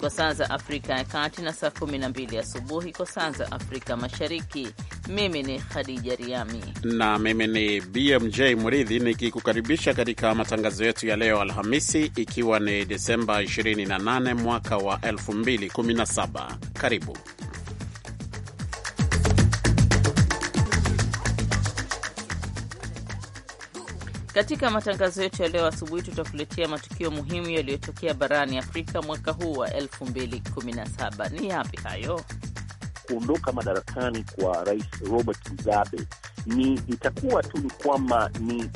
kwa saa za Afrika ya Kati na saa 12 asubuhi kwa saa za Afrika Mashariki. Mimi ni Khadija Riami na mimi ni BMJ Mridhi nikikukaribisha katika matangazo yetu ya leo Alhamisi, ikiwa ni Desemba 28 mwaka wa 2017. Karibu Katika matangazo yetu ya leo asubuhi, tutakuletea matukio muhimu yaliyotokea barani Afrika mwaka huu wa 2017. Ni yapi hayo? Kuondoka madarakani kwa Rais Robert Mugabe ni itakuwa tu ni kwamba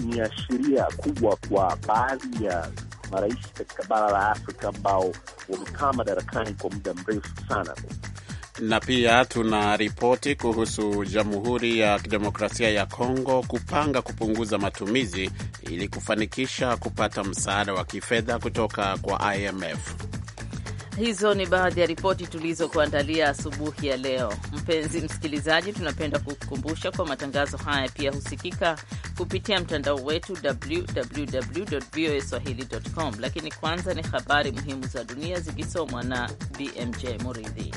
ni ashiria kubwa kwa baadhi ya marais katika bara la Afrika ambao wamekaa madarakani kwa muda mrefu sana na pia tuna ripoti kuhusu Jamhuri ya Kidemokrasia ya Kongo kupanga kupunguza matumizi ili kufanikisha kupata msaada wa kifedha kutoka kwa IMF. Hizo ni baadhi ya ripoti tulizokuandalia asubuhi ya leo. Mpenzi msikilizaji, tunapenda kukukumbusha kwa matangazo haya pia husikika kupitia mtandao wetu www voa swahili.com. Lakini kwanza ni habari muhimu za dunia zikisomwa na BMJ Muridhi.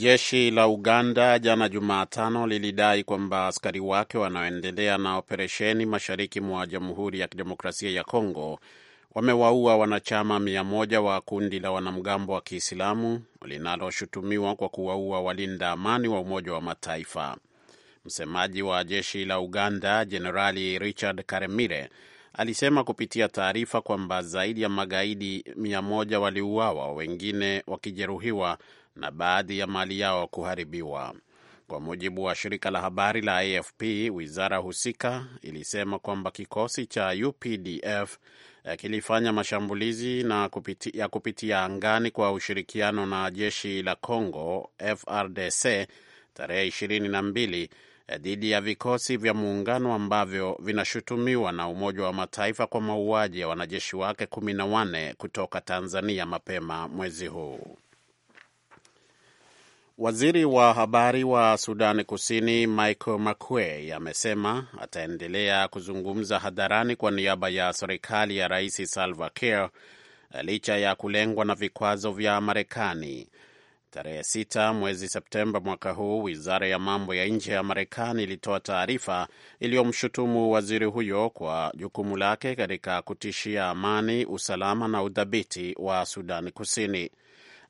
Jeshi la Uganda jana Jumatano lilidai kwamba askari wake wanaoendelea na operesheni mashariki mwa Jamhuri ya Kidemokrasia ya Kongo wamewaua wanachama mia moja wa kundi la wanamgambo wa Kiislamu linaloshutumiwa kwa kuwaua walinda amani wa Umoja wa Mataifa. Msemaji wa jeshi la Uganda Jenerali Richard Karemire alisema kupitia taarifa kwamba zaidi ya magaidi mia moja waliuawa, wengine wakijeruhiwa na baadhi ya mali yao kuharibiwa. Kwa mujibu wa shirika la habari la AFP, wizara husika ilisema kwamba kikosi cha UPDF eh, kilifanya mashambulizi na kupiti, ya kupitia angani kwa ushirikiano na jeshi la Congo FRDC tarehe ishirini na mbili eh, dhidi ya vikosi vya muungano ambavyo vinashutumiwa na Umoja wa Mataifa kwa mauaji ya wanajeshi wake kumi na wanne kutoka Tanzania mapema mwezi huu. Waziri wa habari wa sudani Kusini Michael Makuei amesema ataendelea kuzungumza hadharani kwa niaba ya serikali ya Rais Salva Kiir licha ya kulengwa na vikwazo vya Marekani. Tarehe 6 mwezi Septemba mwaka huu, wizara ya mambo ya nje ya Marekani ilitoa taarifa iliyomshutumu waziri huyo kwa jukumu lake katika kutishia amani, usalama na udhabiti wa sudani Kusini.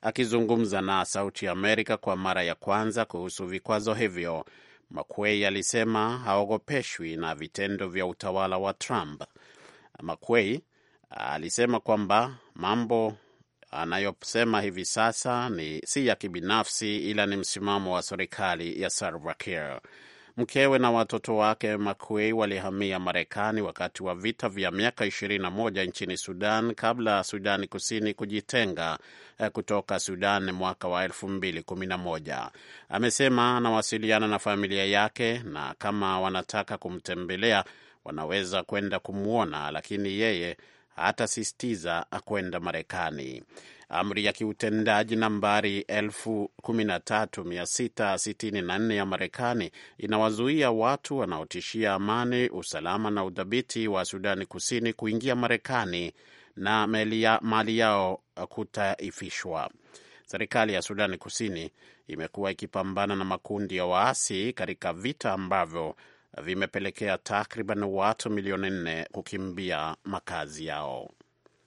Akizungumza na Sauti Amerika kwa mara ya kwanza kuhusu vikwazo hivyo, Makwei alisema haogopeshwi na vitendo vya utawala wa Trump. Makwei alisema kwamba mambo anayosema hivi sasa ni si ya kibinafsi, ila ni msimamo wa serikali ya Salva Kiir. Mkewe na watoto wake Makuei walihamia Marekani wakati wa vita vya miaka 21 nchini Sudan kabla Sudani Kusini kujitenga eh, kutoka Sudan mwaka wa 2011. Amesema anawasiliana na familia yake na kama wanataka kumtembelea wanaweza kwenda kumwona, lakini yeye atasisitiza kwenda Marekani. Amri ya kiutendaji nambari 13664 ya Marekani inawazuia watu wanaotishia amani, usalama na udhabiti wa Sudani Kusini kuingia Marekani na mali yao kutaifishwa. Serikali ya Sudani Kusini imekuwa ikipambana na makundi ya waasi katika vita ambavyo vimepelekea takriban watu milioni nne kukimbia makazi yao.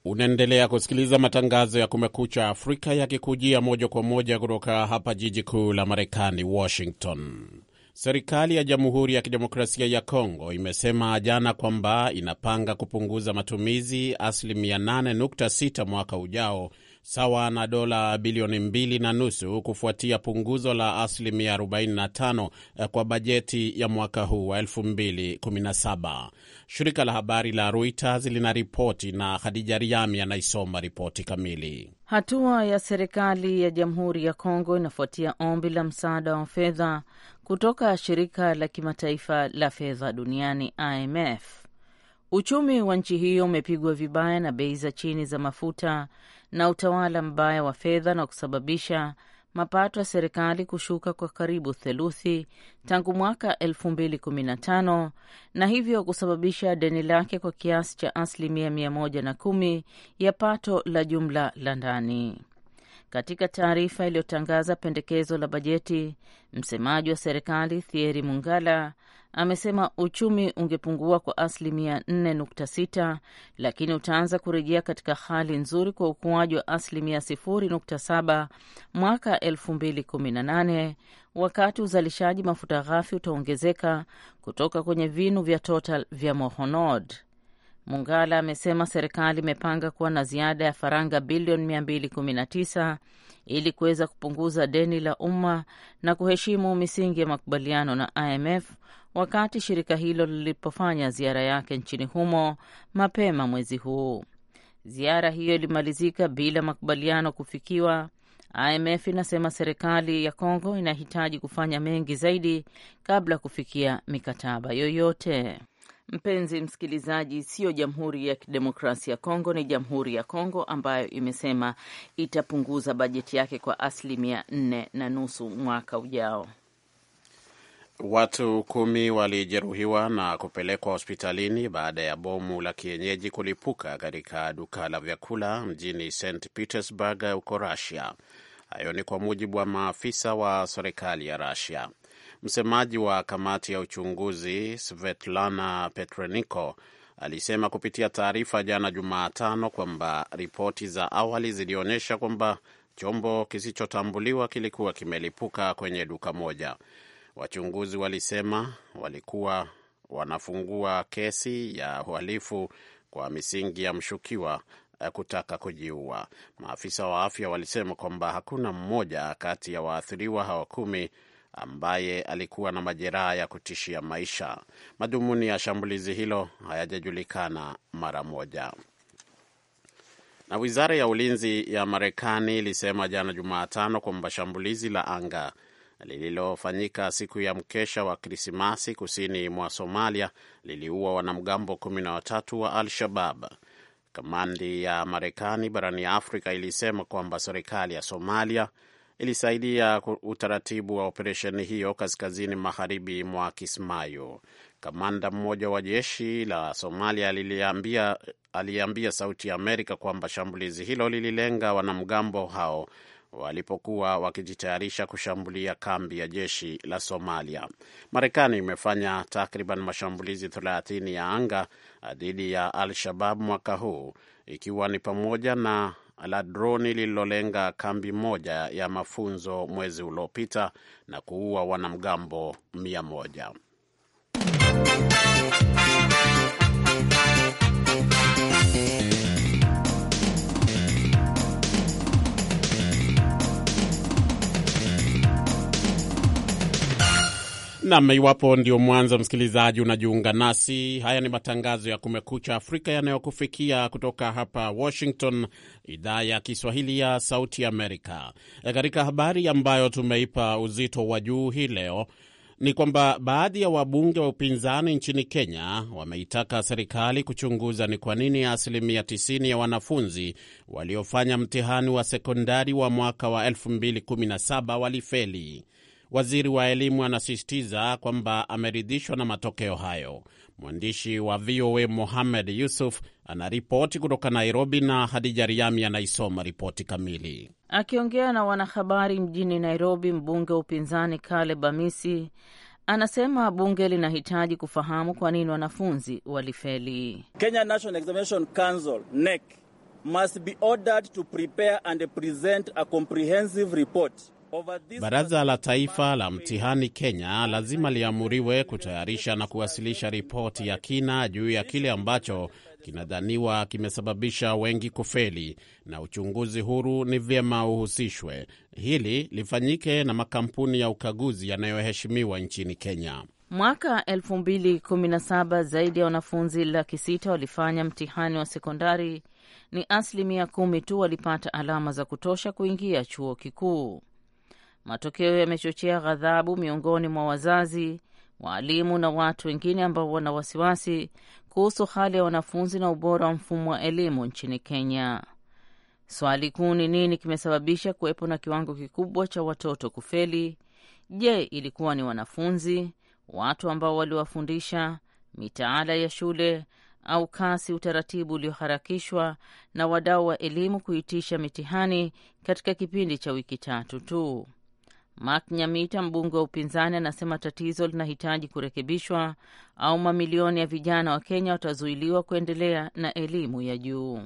Unaendelea kusikiliza matangazo ya Kumekucha Afrika yakikujia moja kwa moja kutoka hapa jiji kuu la Marekani, Washington. Serikali ya Jamhuri ya Kidemokrasia ya Kongo imesema jana kwamba inapanga kupunguza matumizi asilimia 8.6 mwaka ujao sawa na dola bilioni mbili na nusu kufuatia punguzo la asilimia 45 eh, kwa bajeti ya mwaka huu wa 2017. Shirika la habari la Reuters linaripoti na Khadija Riami anaisoma ripoti kamili. Hatua ya serikali ya Jamhuri ya Kongo inafuatia ombi la msaada wa fedha kutoka shirika la kimataifa la fedha duniani IMF. Uchumi wa nchi hiyo umepigwa vibaya na bei za chini za mafuta na utawala mbaya wa fedha na kusababisha mapato ya serikali kushuka kwa karibu theluthi tangu mwaka 2015 na hivyo kusababisha deni lake kwa kiasi cha asilimia 110 ya pato la jumla la ndani. Katika taarifa iliyotangaza pendekezo la bajeti, msemaji wa serikali Thieri Mungala amesema uchumi ungepungua kwa asilimia 4.6 lakini utaanza kurejea katika hali nzuri kwa ukuaji wa asilimia 0.7 mwaka 2018 wakati uzalishaji mafuta ghafi utaongezeka kutoka kwenye vinu vya Total vya mohonod Mungala amesema serikali imepanga kuwa na ziada ya faranga bilioni 219 ili kuweza kupunguza deni la umma na kuheshimu misingi ya makubaliano na IMF wakati shirika hilo lilipofanya ziara yake nchini humo mapema mwezi huu. Ziara hiyo ilimalizika bila makubaliano kufikiwa. IMF inasema serikali ya Kongo inahitaji kufanya mengi zaidi kabla kufikia mikataba yoyote. Mpenzi msikilizaji, siyo Jamhuri ya Kidemokrasia ya Kongo, ni Jamhuri ya Kongo ambayo imesema itapunguza bajeti yake kwa asilimia nne na nusu mwaka ujao. Watu kumi walijeruhiwa na kupelekwa hospitalini baada ya bomu la kienyeji kulipuka katika duka la vyakula mjini St Petersburg huko Russia. Hayo ni kwa mujibu wa maafisa wa serikali ya Russia. Msemaji wa kamati ya uchunguzi Svetlana Petreniko alisema kupitia taarifa jana Jumatano kwamba ripoti za awali zilionyesha kwamba chombo kisichotambuliwa kilikuwa kimelipuka kwenye duka moja. Wachunguzi walisema walikuwa wanafungua kesi ya uhalifu kwa misingi ya mshukiwa eh, kutaka kujiua. Maafisa wa afya walisema kwamba hakuna mmoja kati ya waathiriwa hawa kumi ambaye alikuwa na majeraha ya kutishia maisha. Madhumuni ya shambulizi hilo hayajajulikana mara moja. Na wizara ya ulinzi ya Marekani ilisema jana Jumatano kwamba shambulizi la anga lililofanyika siku ya mkesha wa Krismasi kusini mwa Somalia liliua wanamgambo kumi na watatu wa Al-Shabab. Kamandi ya Marekani barani Afrika ilisema kwamba serikali ya Somalia ilisaidia utaratibu wa operesheni hiyo kaskazini magharibi mwa Kismayo. Kamanda mmoja wa jeshi la Somalia aliliambia, aliambia Sauti ya Amerika kwamba shambulizi hilo lililenga wanamgambo hao walipokuwa wakijitayarisha kushambulia kambi ya jeshi la Somalia. Marekani imefanya takriban mashambulizi 30 ya anga dhidi ya Al-Shabab mwaka huu ikiwa ni pamoja na la droni lililolenga kambi moja ya mafunzo mwezi uliopita na kuua wanamgambo mia moja. Nam, iwapo ndio mwanzo msikilizaji unajiunga nasi, haya ni matangazo ya Kumekucha Afrika yanayokufikia kutoka hapa Washington, idhaa ya Kiswahili ya Sauti Amerika. E, katika habari ambayo tumeipa uzito wa juu hii leo ni kwamba baadhi ya wabunge wa upinzani nchini Kenya wameitaka serikali kuchunguza ni kwa nini asilimia 90 ya wanafunzi waliofanya mtihani wa sekondari wa mwaka wa 2017 walifeli. Waziri wa elimu anasisitiza kwamba ameridhishwa na matokeo hayo. Mwandishi wa VOA Mohamed Yusuf anaripoti kutoka Nairobi na Hadija Riami anaisoma ripoti kamili. Akiongea na wanahabari mjini Nairobi, mbunge wa upinzani Kale bamisi anasema bunge linahitaji kufahamu kwa nini wanafunzi walifeli. Kenya National Examination Council NEC must be ordered to prepare and present a comprehensive report Baraza la Taifa la Mtihani Kenya lazima liamuriwe kutayarisha na kuwasilisha ripoti ya kina juu ya kile ambacho kinadhaniwa kimesababisha wengi kufeli, na uchunguzi huru ni vyema uhusishwe. Hili lifanyike na makampuni ya ukaguzi yanayoheshimiwa nchini Kenya. Mwaka 2017 zaidi ya wanafunzi laki sita walifanya mtihani wa sekondari, ni asilimia kumi tu walipata alama za kutosha kuingia chuo kikuu. Matokeo yamechochea ghadhabu miongoni mwa wazazi, waalimu na watu wengine ambao wana wasiwasi kuhusu hali ya wanafunzi na ubora wa mfumo wa elimu nchini Kenya. Swali kuu ni nini kimesababisha kuwepo na kiwango kikubwa cha watoto kufeli? Je, ilikuwa ni wanafunzi, watu ambao waliwafundisha, mitaala ya shule au kasi, utaratibu ulioharakishwa na wadau wa elimu kuitisha mitihani katika kipindi cha wiki tatu tu? Mark Nyamita, mbunge wa upinzani, anasema tatizo linahitaji kurekebishwa au mamilioni ya vijana wa Kenya watazuiliwa kuendelea na elimu ya juu.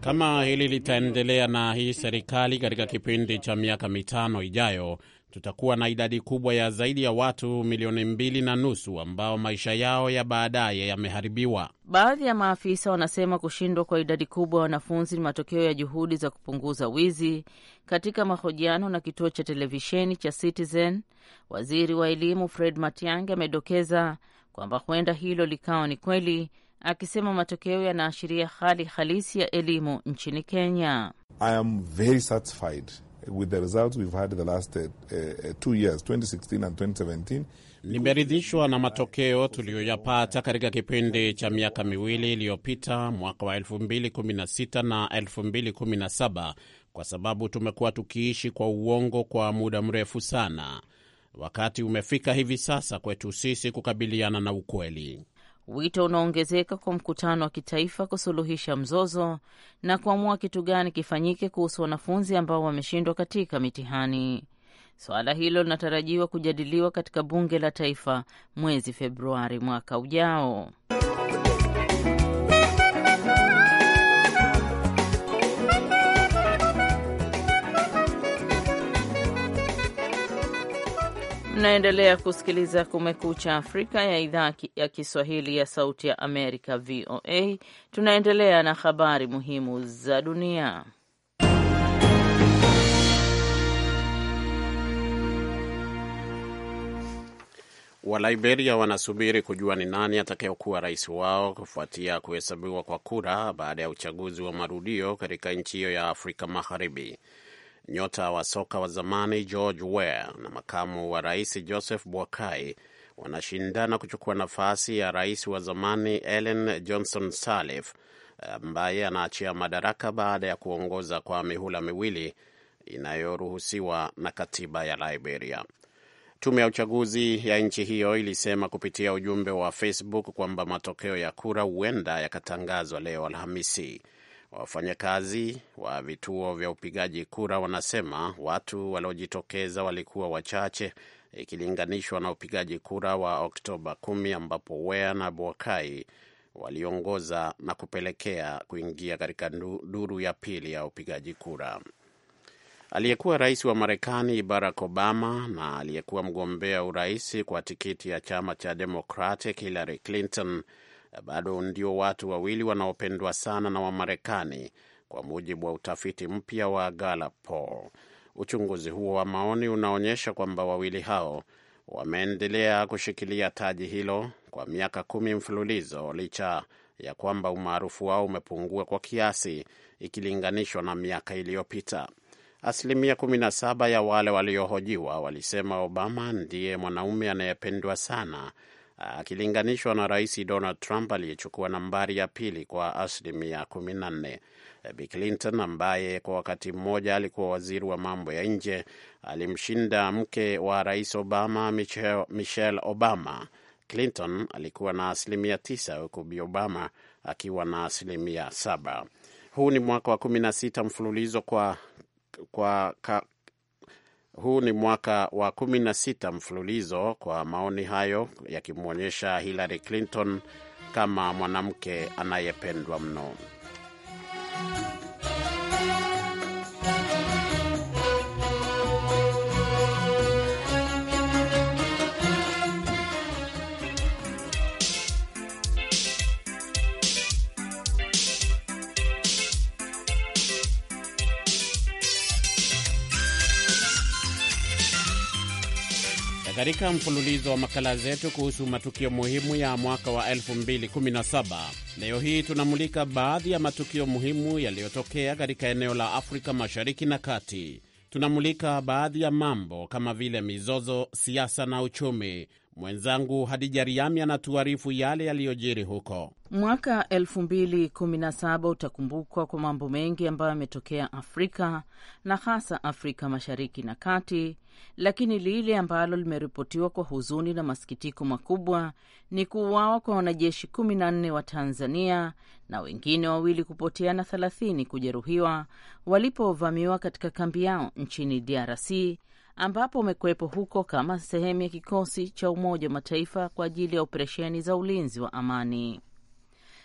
Kama hili litaendelea na hii serikali katika kipindi cha miaka mitano ijayo, tutakuwa na idadi kubwa ya zaidi ya watu milioni mbili na nusu ambao maisha yao ya baadaye yameharibiwa. Baadhi ya maafisa wanasema kushindwa kwa idadi kubwa ya wanafunzi ni matokeo ya juhudi za kupunguza wizi. Katika mahojiano na kituo cha televisheni cha Citizen, waziri wa elimu Fred Matiang'i amedokeza kwamba huenda hilo likawa ni kweli, akisema matokeo yanaashiria hali halisi ya elimu nchini Kenya. I am very satisfied with the results we've had the last uh, uh, uh two years 2016 and 2017. Nimeridhishwa na matokeo tuliyoyapata katika kipindi cha miaka miwili iliyopita, mwaka wa 2016 na 2017, kwa sababu tumekuwa tukiishi kwa uongo kwa muda mrefu sana. Wakati umefika hivi sasa kwetu sisi kukabiliana na ukweli. Wito unaongezeka kwa mkutano wa kitaifa kusuluhisha mzozo na kuamua kitu gani kifanyike kuhusu wanafunzi ambao wameshindwa katika mitihani. Suala hilo linatarajiwa kujadiliwa katika bunge la taifa mwezi Februari mwaka ujao. Mnaendelea kusikiliza Kumekucha Afrika ya idhaa ya Kiswahili ya Sauti ya Amerika, VOA. Tunaendelea na habari muhimu za dunia. Waliberia wanasubiri kujua ni nani atakayekuwa rais wao kufuatia kuhesabiwa kwa kura baada ya uchaguzi wa marudio katika nchi hiyo ya Afrika Magharibi nyota wa soka wa zamani George Weah na makamu wa rais Joseph Boakai wanashindana kuchukua nafasi ya rais wa zamani Ellen Johnson Sirleaf ambaye anaachia madaraka baada ya kuongoza kwa mihula miwili inayoruhusiwa na katiba ya Liberia. Tume ya uchaguzi ya nchi hiyo ilisema kupitia ujumbe wa Facebook kwamba matokeo ya kura huenda yakatangazwa leo Alhamisi. Wafanyakazi wa vituo vya upigaji kura wanasema watu waliojitokeza walikuwa wachache ikilinganishwa na upigaji kura wa Oktoba 10 ambapo Wea na Boakai waliongoza na kupelekea kuingia katika duru ya pili ya upigaji kura. Aliyekuwa rais wa Marekani Barack Obama na aliyekuwa mgombea urais kwa tikiti ya chama cha Democratic Hillary Clinton bado ndio watu wawili wanaopendwa sana na Wamarekani kwa mujibu wa utafiti mpya wa Gallup poll. Uchunguzi huo wa maoni unaonyesha kwamba wawili hao wameendelea kushikilia taji hilo kwa miaka kumi mfululizo licha ya kwamba umaarufu wao umepungua kwa kiasi ikilinganishwa na miaka iliyopita. Asilimia 17 ya wale waliohojiwa walisema Obama ndiye mwanaume anayependwa sana akilinganishwa na rais Donald Trump aliyechukua nambari ya pili kwa asilimia 14. Bi Clinton ambaye kwa wakati mmoja alikuwa waziri wa mambo ya nje alimshinda mke wa rais Obama, Michelle Obama. Clinton alikuwa na asilimia 9 huku Bi Obama akiwa na asilimia 7. Huu ni mwaka wa 16 mfululizo kwa, kwa huu ni mwaka wa kumi na sita mfululizo kwa maoni hayo yakimwonyesha Hillary Clinton kama mwanamke anayependwa mno. katika mfululizo wa makala zetu kuhusu matukio muhimu ya mwaka wa 2017. Leo hii tunamulika baadhi ya matukio muhimu yaliyotokea katika eneo la Afrika Mashariki na Kati. Tunamulika baadhi ya mambo kama vile mizozo, siasa na uchumi, Mwenzangu Hadija Riami anatuarifu yale yaliyojiri huko. Mwaka 2017 utakumbukwa kwa mambo mengi ambayo yametokea Afrika na hasa Afrika Mashariki na Kati, lakini lile ambalo limeripotiwa kwa huzuni na masikitiko makubwa ni kuuawa kwa wanajeshi 14 wa Tanzania na wengine wawili kupotea na 30 kujeruhiwa walipovamiwa katika kambi yao nchini DRC ambapo umekuwepo huko kama sehemu ya kikosi cha Umoja wa Mataifa kwa ajili ya operesheni za ulinzi wa amani.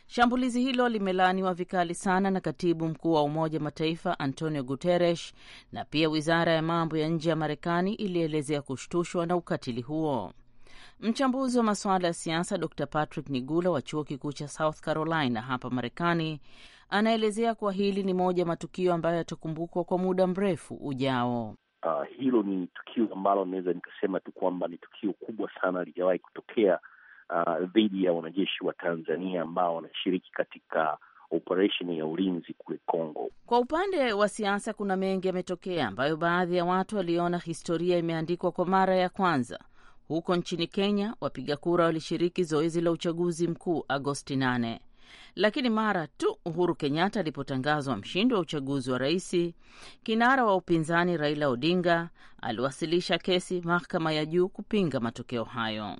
Shambulizi hilo limelaaniwa vikali sana na katibu mkuu wa Umoja Mataifa Antonio Guterres, na pia wizara ya mambo ya nje ya Marekani ilielezea kushtushwa na ukatili huo. Mchambuzi wa masuala ya siasa Dr Patrick Nigula wa chuo kikuu cha South Carolina hapa Marekani anaelezea kuwa hili ni moja ya matukio ambayo yatakumbukwa kwa muda mrefu ujao. Uh, hilo ni tukio ambalo naweza nikasema tu kwamba ni tukio kubwa sana lijawahi kutokea ah, dhidi uh, ya wanajeshi wa Tanzania ambao wanashiriki katika operesheni ya ulinzi kule Kongo. Kwa upande wa siasa, kuna mengi yametokea ambayo baadhi ya watu waliona historia imeandikwa kwa mara ya kwanza. Huko nchini Kenya, wapiga kura walishiriki zoezi la uchaguzi mkuu Agosti 8. Lakini mara tu Uhuru Kenyatta alipotangazwa mshindi wa uchaguzi wa rais, kinara wa upinzani Raila Odinga aliwasilisha kesi mahakama ya juu kupinga matokeo hayo,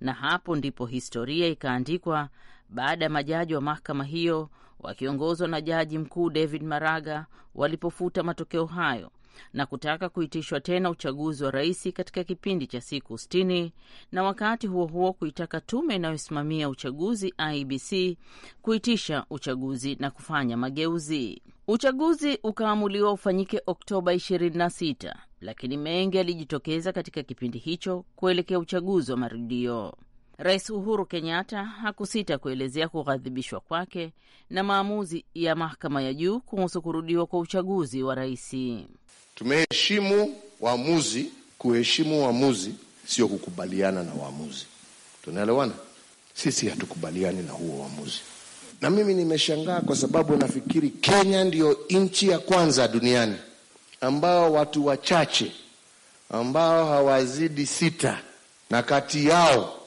na hapo ndipo historia ikaandikwa baada ya majaji wa mahakama hiyo wakiongozwa na jaji mkuu David Maraga walipofuta matokeo hayo na kutaka kuitishwa tena uchaguzi wa rais katika kipindi cha siku 60 na wakati huo huo kuitaka tume inayosimamia uchaguzi IBC kuitisha uchaguzi na kufanya mageuzi. Uchaguzi ukaamuliwa ufanyike Oktoba 26, lakini mengi yalijitokeza katika kipindi hicho kuelekea uchaguzi wa marudio. Rais Uhuru Kenyatta hakusita kuelezea kughadhibishwa kwake na maamuzi ya mahakama ya juu kuhusu kurudiwa kwa uchaguzi wa rais. Tumeheshimu waamuzi. Kuheshimu waamuzi sio kukubaliana na waamuzi, tunaelewana? Sisi hatukubaliani na huo waamuzi, na mimi nimeshangaa kwa sababu nafikiri Kenya ndiyo nchi ya kwanza duniani ambao watu wachache ambao hawazidi sita na kati yao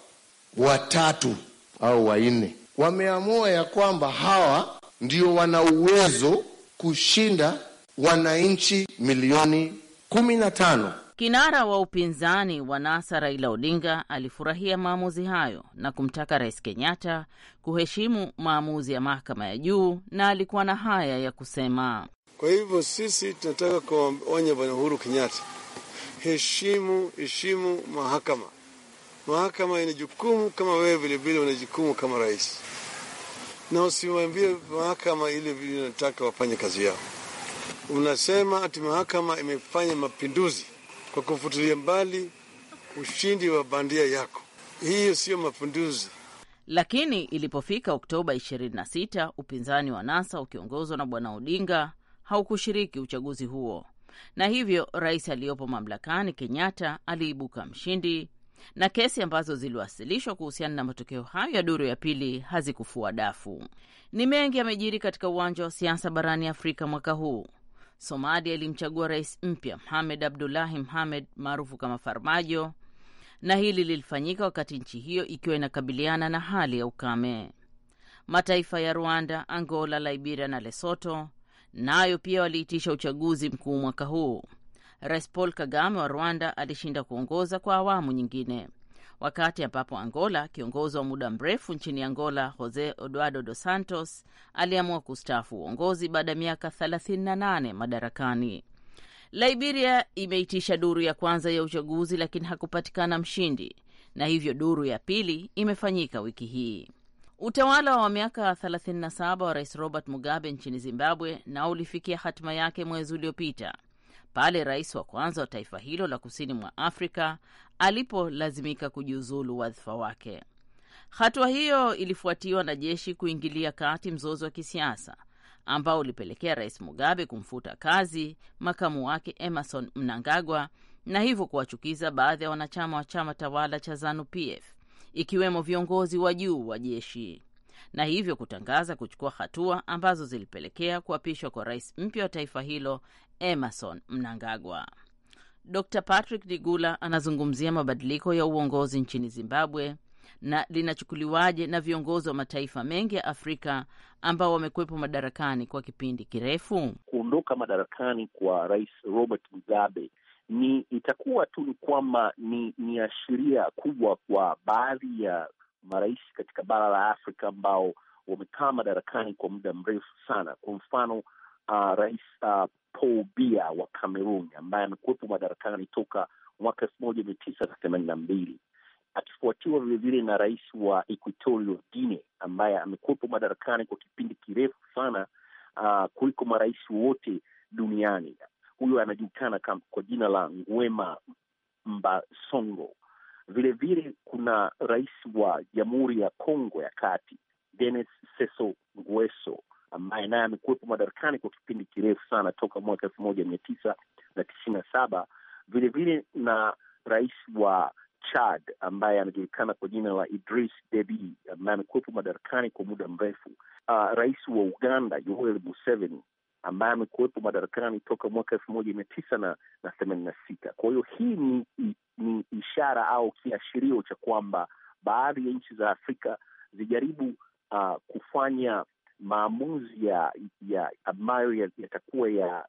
watatu au wanne wameamua ya kwamba hawa ndio wana uwezo kushinda wananchi milioni kumi na tano. Kinara wa upinzani wa NASA Raila Odinga alifurahia maamuzi hayo na kumtaka Rais Kenyatta kuheshimu maamuzi ya mahakama ya juu, na alikuwa na haya ya kusema. Kwa hivyo sisi tunataka kuwaonya Bwana Uhuru Kenyatta, heshimu heshimu mahakama. Mahakama ina jukumu kama wewe, vilevile una jukumu kama rais, na usimwambie mahakama ile vile inataka wafanye kazi yao unasema ati mahakama imefanya mapinduzi kwa kufutilia mbali ushindi wa bandia yako. Hiyo siyo mapinduzi. Lakini ilipofika Oktoba 26 upinzani wa NASA ukiongozwa na Bwana Odinga haukushiriki uchaguzi huo, na hivyo rais aliyopo mamlakani Kenyatta aliibuka mshindi, na kesi ambazo ziliwasilishwa kuhusiana na matokeo hayo ya duru ya pili hazikufua dafu. Ni mengi yamejiri katika uwanja wa siasa barani Afrika mwaka huu. Somalia ilimchagua rais mpya Mohamed Abdullahi Mohamed maarufu kama Farmajo, na hili lilifanyika wakati nchi hiyo ikiwa inakabiliana na hali ya ukame. Mataifa ya Rwanda, Angola, Liberia na lesoto nayo na pia waliitisha uchaguzi mkuu mwaka huu. Rais Paul Kagame wa Rwanda alishinda kuongoza kwa awamu nyingine wakati ambapo Angola, kiongozi wa muda mrefu nchini Angola Jose Eduardo Dos Santos aliamua kustaafu uongozi baada ya miaka 38 madarakani. Liberia imeitisha duru ya kwanza ya uchaguzi lakini hakupatikana mshindi, na hivyo duru ya pili imefanyika wiki hii. Utawala wa miaka 37 wa Rais Robert Mugabe nchini Zimbabwe nao ulifikia hatima yake mwezi uliopita pale rais wa kwanza wa taifa hilo la kusini mwa Afrika alipolazimika kujiuzulu wadhifa wake. Hatua hiyo ilifuatiwa na jeshi kuingilia kati mzozo wa kisiasa ambao ulipelekea rais Mugabe kumfuta kazi makamu wake Emerson Mnangagwa na hivyo kuwachukiza baadhi ya wanachama wa chama tawala cha ZANU-PF ikiwemo viongozi wa juu wa jeshi na hivyo kutangaza kuchukua hatua ambazo zilipelekea kuapishwa kwa rais mpya wa taifa hilo Emerson Mnangagwa. Dr Patrick Digula anazungumzia mabadiliko ya uongozi nchini Zimbabwe na linachukuliwaje na viongozi wa mataifa mengi ya Afrika ambao wamekwepo madarakani kwa kipindi kirefu. Kuondoka madarakani kwa Rais Robert Mugabe ni itakuwa tu ni kwamba ni, ni ashiria kubwa kwa baadhi ya marais katika bara la Afrika ambao wamekaa madarakani kwa muda mrefu sana. Kwa mfano uh, rais uh, Paul Biya wa cameron ambaye amekuwepo madarakani toka mwaka elfu moja mia tisa na themanini na mbili akifuatiwa vilevile na rais wa Equatorial Guinea ambaye amekuwepo madarakani kwa kipindi kirefu sana uh, kuliko marais wote duniani. Huyo anajulikana kwa jina la Nguema Mbasongo. Vilevile kuna rais wa Jamhuri ya Kongo ya Kati Denis Sassou Nguesso ambaye naye amekuwepo madarakani kwa kipindi kirefu sana toka mwaka elfu moja mia tisa na tisini na saba vilevile na rais wa Chad ambaye anajulikana kwa jina la Idris Deby ambaye amekuwepo madarakani kwa muda mrefu. Uh, rais wa Uganda Yoweri Museveni ambaye amekuwepo madarakani toka mwaka elfu moja mia tisa na themanini na sita. Kwa hiyo hii ni, ni ishara au kiashirio cha kwamba baadhi ya nchi za Afrika zijaribu uh, kufanya maamuzi ya, ya ambayo yatakuwa ya,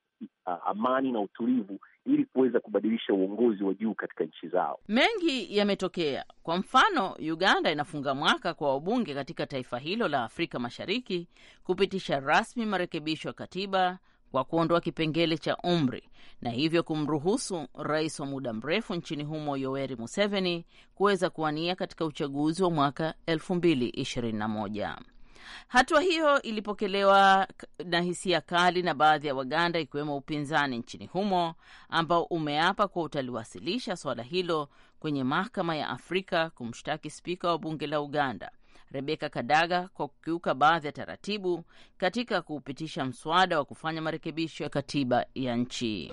ya amani na utulivu ili kuweza kubadilisha uongozi wa juu katika nchi zao. Mengi yametokea. Kwa mfano, Uganda inafunga mwaka kwa wabunge katika taifa hilo la Afrika Mashariki kupitisha rasmi marekebisho ya katiba kwa kuondoa kipengele cha umri na hivyo kumruhusu rais wa muda mrefu nchini humo Yoweri Museveni kuweza kuwania katika uchaguzi wa mwaka 2021. Hatua hiyo ilipokelewa na hisia kali na baadhi ya Waganda, ikiwemo upinzani nchini humo ambao umeapa kuwa utaliwasilisha suala hilo kwenye mahakama ya Afrika kumshtaki spika wa bunge la Uganda Rebeka Kadaga kwa kukiuka baadhi ya taratibu katika kuupitisha mswada wa kufanya marekebisho ya katiba ya nchi.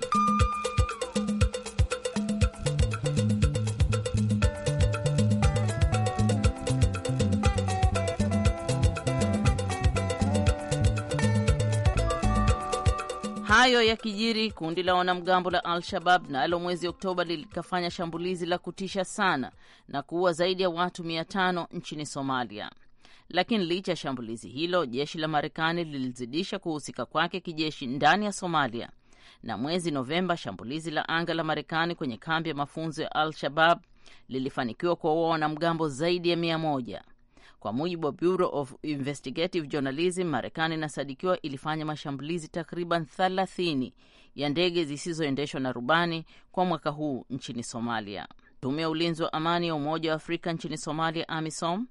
Hayo ya kijiri kundi la wanamgambo la Al-Shabab nalo mwezi Oktoba likafanya shambulizi la kutisha sana na kuua zaidi ya watu mia tano nchini Somalia. Lakini licha ya shambulizi hilo, jeshi la Marekani lilizidisha kuhusika kwake kijeshi ndani ya Somalia, na mwezi Novemba shambulizi la anga la Marekani kwenye kambi ya mafunzo ya Al-Shabab lilifanikiwa kuwaua wanamgambo zaidi ya mia moja. Kwa mujibu wa Bureau of Investigative Journalism, Marekani inasadikiwa ilifanya mashambulizi takriban 30 ya ndege zisizoendeshwa na rubani kwa mwaka huu nchini Somalia. Tume ya ulinzi wa amani ya Umoja wa Afrika nchini Somalia, AMISOM,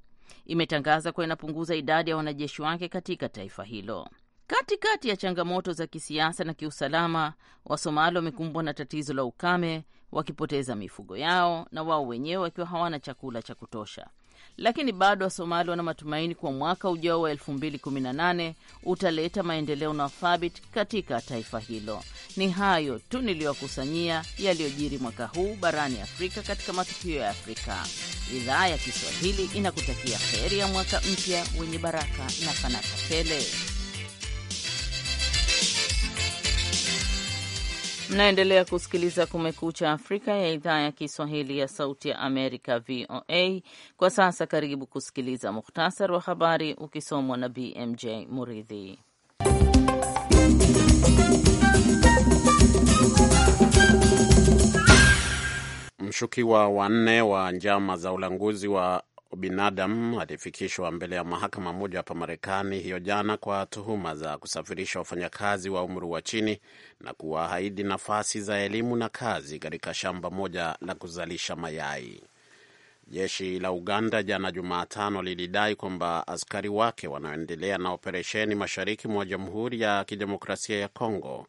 imetangaza kuwa inapunguza idadi ya wanajeshi wake katika taifa hilo. Katikati kati ya changamoto za kisiasa na kiusalama, Wasomali wamekumbwa na tatizo la ukame, wakipoteza mifugo yao na wao wenyewe wakiwa hawana chakula cha kutosha lakini bado Wasomali wana matumaini kwa mwaka ujao wa 2018 utaleta maendeleo na thabiti katika taifa hilo. Ni hayo tu niliyokusanyia yaliyojiri mwaka huu barani Afrika katika matukio ya Afrika. Idhaa ya Kiswahili inakutakia heri ya mwaka mpya wenye baraka na fanaka tele. Mnaendelea kusikiliza Kumekucha Afrika ya idhaa ya Kiswahili ya Sauti ya Amerika, VOA. Kwa sasa, karibu kusikiliza muhtasari wa habari ukisomwa na BMJ Muridhi. Mshukiwa wanne wa njama za ulanguzi wa binadamu alifikishwa mbele ya mahakama moja hapa Marekani hiyo jana kwa tuhuma za kusafirisha wafanyakazi wa umri wa chini na kuwaahidi nafasi za elimu na kazi katika shamba moja la kuzalisha mayai. Jeshi la Uganda jana Jumatano lilidai kwamba askari wake wanaoendelea na operesheni mashariki mwa Jamhuri ya Kidemokrasia ya Kongo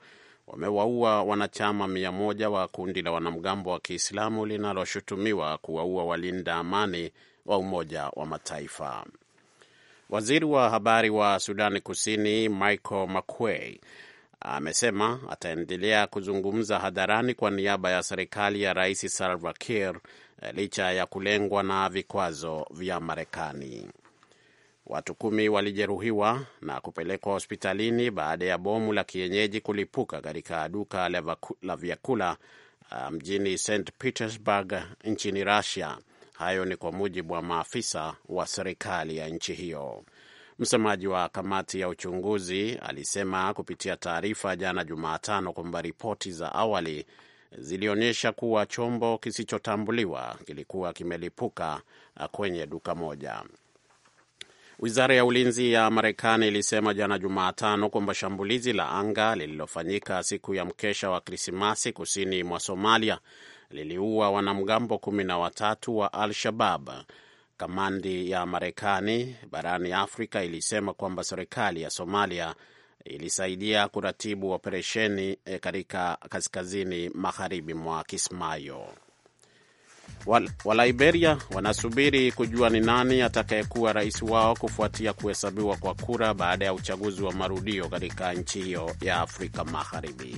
wamewaua wanachama mia moja wa kundi la wanamgambo wa Kiislamu linaloshutumiwa kuwaua walinda amani wa Umoja wa Mataifa. Waziri wa habari wa Sudani Kusini Michael Makuei amesema ataendelea kuzungumza hadharani kwa niaba ya serikali ya Rais Salva Kiir eh, licha ya kulengwa na vikwazo vya Marekani. Watu kumi walijeruhiwa na kupelekwa hospitalini baada ya bomu la kienyeji kulipuka katika duka la vyakula ah, mjini St Petersburg nchini Russia. Hayo ni kwa mujibu wa maafisa wa serikali ya nchi hiyo. Msemaji wa kamati ya uchunguzi alisema kupitia taarifa jana Jumatano kwamba ripoti za awali zilionyesha kuwa chombo kisichotambuliwa kilikuwa kimelipuka kwenye duka moja. Wizara ya ulinzi ya Marekani ilisema jana Jumatano kwamba shambulizi la anga lililofanyika siku ya mkesha wa Krismasi kusini mwa Somalia liliua wanamgambo kumi na watatu wa Al-Shabab. Kamandi ya Marekani barani Afrika ilisema kwamba serikali ya Somalia ilisaidia kuratibu operesheni eh, katika kaskazini magharibi mwa Kismayo. Waliberia wanasubiri kujua ni nani atakayekuwa rais wao kufuatia kuhesabiwa kwa kura baada ya uchaguzi wa marudio katika nchi hiyo ya Afrika Magharibi.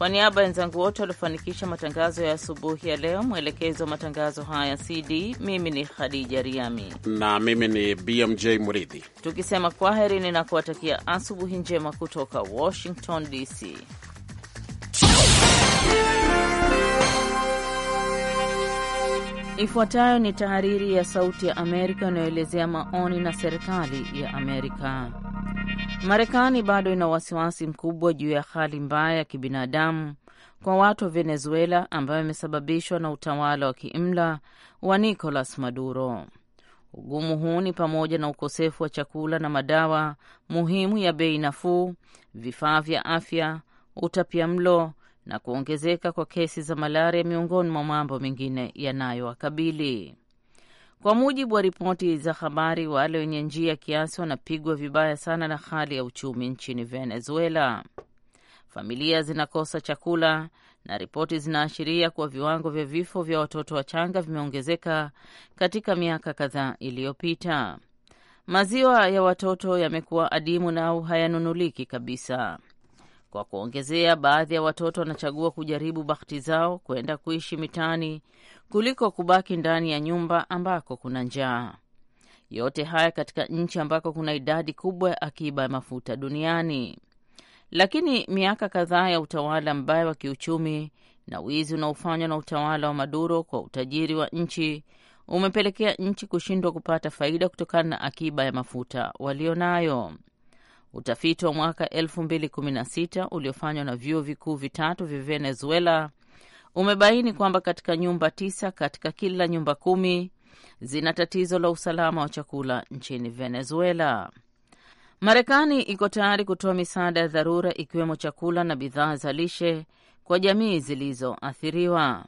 Kwa niaba ya wenzangu wote waliofanikisha matangazo ya asubuhi ya leo, mwelekezi wa matangazo haya CD, mimi ni Khadija Riami na mimi ni BMJ Muridhi, tukisema kwaheri na kuwatakia asubuhi njema kutoka Washington DC. Ifuatayo ni tahariri ya Sauti ya Amerika inayoelezea maoni na serikali ya Amerika. Marekani bado ina wasiwasi mkubwa juu ya hali mbaya ya kibinadamu kwa watu wa Venezuela ambayo imesababishwa na utawala wa kiimla wa Nicolas Maduro. Ugumu huu ni pamoja na ukosefu wa chakula na madawa muhimu ya bei nafuu, vifaa vya afya, utapia mlo na kuongezeka kwa kesi za malaria miongoni mwa mambo mengine yanayowakabili. Kwa mujibu wa ripoti za habari, wale wenye njia kiasi wanapigwa vibaya sana na hali ya uchumi nchini Venezuela. Familia zinakosa chakula na ripoti zinaashiria kuwa viwango vya vifo vya watoto wachanga vimeongezeka katika miaka kadhaa iliyopita. Maziwa ya watoto yamekuwa adimu na au hayanunuliki kabisa. Kwa kuongezea, baadhi ya watoto wanachagua kujaribu bahati zao kwenda kuishi mitaani, kuliko kubaki ndani ya nyumba ambako kuna njaa. Yote haya katika nchi ambako kuna idadi kubwa ya akiba ya mafuta duniani. Lakini miaka kadhaa ya utawala mbaya wa kiuchumi na wizi unaofanywa na utawala wa Maduro kwa utajiri wa nchi umepelekea nchi kushindwa kupata faida kutokana na akiba ya mafuta walionayo. Utafiti wa mwaka 2016 uliofanywa na vyuo vikuu vitatu vya Venezuela umebaini kwamba katika nyumba tisa katika kila nyumba kumi zina tatizo la usalama wa chakula nchini Venezuela. Marekani iko tayari kutoa misaada ya dharura ikiwemo chakula na bidhaa za lishe kwa jamii zilizoathiriwa.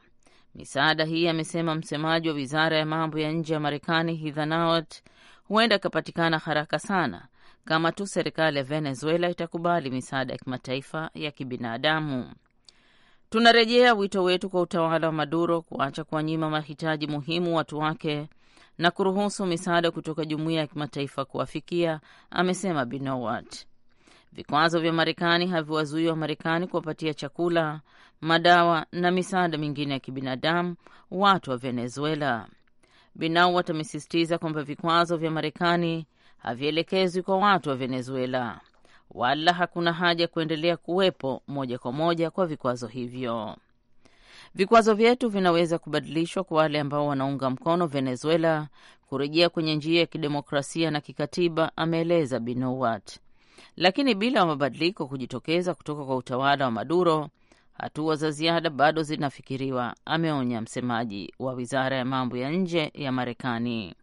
Misaada hii, amesema msemaji wa wizara ya mambo ya nje ya Marekani Heather Nauert, huenda ikapatikana haraka sana kama tu serikali ya Venezuela itakubali misaada ya kimataifa ya kibinadamu. Tunarejea wito wetu kwa utawala wa Maduro kuacha kuwanyima mahitaji muhimu watu wake na kuruhusu misaada kutoka jumuiya ya kimataifa kuwafikia, amesema Binowat. Vikwazo vya Marekani haviwazuii wa Marekani kuwapatia chakula, madawa na misaada mingine ya kibinadamu watu wa Venezuela. Binowat amesisitiza kwamba vikwazo vya Marekani havielekezwi kwa watu wa Venezuela wala hakuna haja kuendelea kuwepo moja kwa moja kwa vikwazo hivyo. Vikwazo vyetu vinaweza kubadilishwa kwa wale ambao wanaunga mkono Venezuela kurejea kwenye njia ya kidemokrasia na kikatiba, ameeleza Binowat. Lakini bila mabadiliko kujitokeza kutoka kwa utawala wa Maduro, hatua za ziada bado zinafikiriwa, ameonya msemaji wa wizara ya mambo ya nje ya Marekani.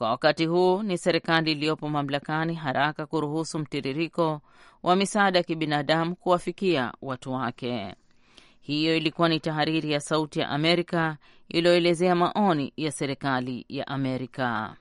Kwa wakati huu ni serikali iliyopo mamlakani haraka kuruhusu mtiririko wa misaada ya kibinadamu kuwafikia watu wake. Hiyo ilikuwa ni tahariri ya Sauti ya Amerika iliyoelezea maoni ya serikali ya Amerika.